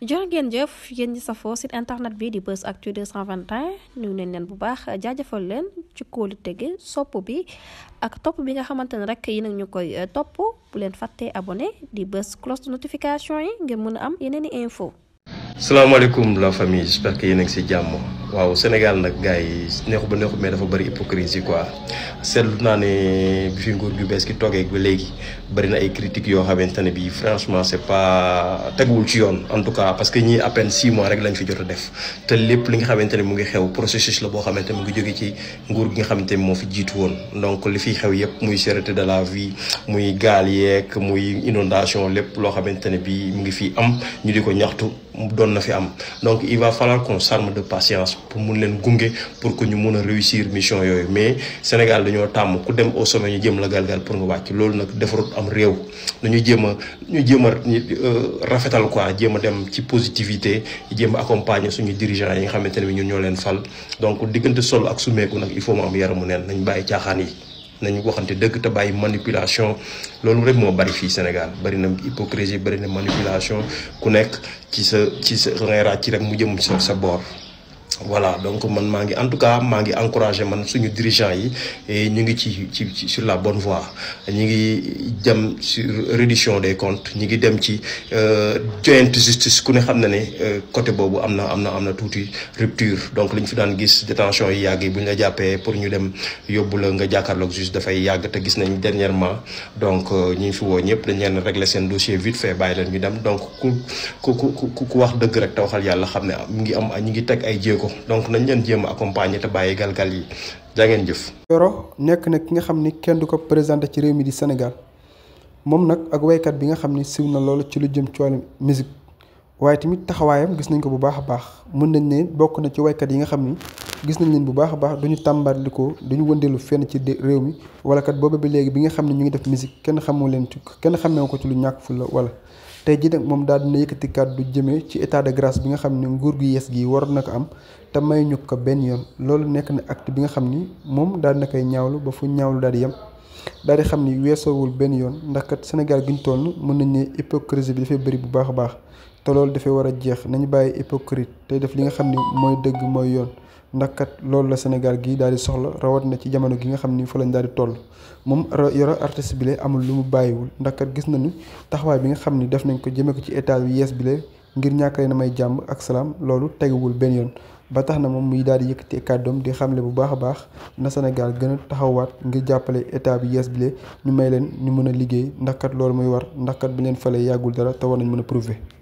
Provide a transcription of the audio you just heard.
jërë ngeen jëf yéen ñi safoo site internet bi di Buzz Actu 221 nuyu nañ neen bu baax jaajëfal leen ci kóolu tege sopp bi ak topp bi nga xamante ne rek yi nag ñu koy euh, topp bu leen fàttee abone di bës cloche de notification yi ngir mën a am yeneen i info salaamaaleykum la famille j'espère que yéen a ngi si jàmm waaw Sénégal nag gars yi neexu ba neexu mais dafa bëri hypocrisie quoi seetlu naa ne bi fi nguur gu bees gi toogee ba léegi bari na ay critiques yoo xamante ne bii franchement c'est pas teguwul ci yoon en tout cas parce que ñii à peine six mois rek lañ fi jot a def te lépp li nga xamante ne mu ngi xew processus la boo xamante mu ngi jóge ci nguur gi nga xamante moo fi jiitu woon donc li fiy xew yëpp muy cherté de la vie muy gaal yeeg muy inondation lépp loo xamante ne bii mu ngi fi am ñu di ko ñaxtu. doon na fi am donc il va falloir qu'on s'arme de patience pour mun leen gunge pour que ñu mun a réussir mission yooyu mais Sénégal dañoo tàmm ku dem au sommet ñu jéem la galgal pour nga wàcc loolu nag defarut am réew nañu jéem a ñu jéem a euh, rafetal quoi jéem a dem ci positivité jéem a accompagner suñu dirigeants yi nga xamante ne bi ñun ñoo leen fal donc diggante sol ak sumeeku nag il faut mu am yaramu neen nañ bàyyi caaxaan yi nañu waxante dëgg te bàyyi manipulation loolu rek moo bari fii Sénégal bari na hypocrisie bari na manipulation ku nekk ci sa ci sa ngay ci rek mu jëm sa sa boor. voilà donc man maa ngi en tout cas maa ngi encouragé man suñu dirigeant yi ñu ngi ci ci ci sur la bon voie ñu ngi dem sur reddition des comptes ñu ngi dem ci euh, joint justice ku ne xam ne ne euh, côté boobu am na am na am na tuuti rupture donc li ñu fi daan gis détention yi yàgg yi bu ñu la jàppee pour ñu dem yóbbu la nga jàkkaarloog juge dafay yàgg te gis nañ dernièrement donc euh, ñu fi woo ñëpp dañ leen régler seen dossier vite fait bàyyi leen ñu dem donc ku ku ku ku wax dëgg rek te yàlla xam ne mu ngi am ñu ngi teg ay jéego donc nañ leen jéem a accompagner te bàyyi galgal yi jaa ngeen jëf. Yoro nekk na ki nga xam ni kenn du ko présenté ci réew mi di senegal moom nag ak waykat bi nga xam ni siw na lool ci lu jëm ci wàllu waaye tamit taxawaayam gis nañ ko bu baax baax mën nañ ne bokk na ci waykat yi nga xam ni gis nañ leen bu baax a baax duñu tàmbali ko duñu wëndeelu fenn ci réew mi wala kat booba bi léegi bi nga xam ne ñu ngi def musique kenn xamoo leen ci kenn xamee ko ci lu ñàkk fu wala tey jii nag moom daal dina yëkkati kàddu jëmee ci état de grâce bi nga xam ne nguur gu yees gi waroon na ko am te may ñu ko benn yoon loolu nekk na act bi nga xam ni moom daal na koy ñaawlu ba fu ñaawlu daal di yem daal xam ni weesoowul benn yoon ndax kat Sénégal gi ñu toll mën nañ ne hypocrisie bi dafay bëri bu baax a baax te loolu dafay war a jeex nañu bàyyi hypocrite tey def li nga xam ni mooy dëgg mooy yoon ndax kat loolu la Sénégal gii daal di soxla rawat na ci jamono gi nga xam ni fa lañ daal di toll moom yoro artiste bi amul lu mu bàyyiwul ndax gis nañu taxawaay bi nga xam ni def nañ ko jëmee ko ci état bi yees bi la ngir ñàkk na may jàmm ak salaam loolu teguwul benn yoon ba tax na moom muy daal di yëkkati kàddoom di xamle bu baax a baax na Sénégal gën a taxawaat ngir jàppale état bi yees bile ñu may leen ñu mën a liggéey ndax kat loolu muy war ndax kat bu fale yàggul dara te nañ mën a prouver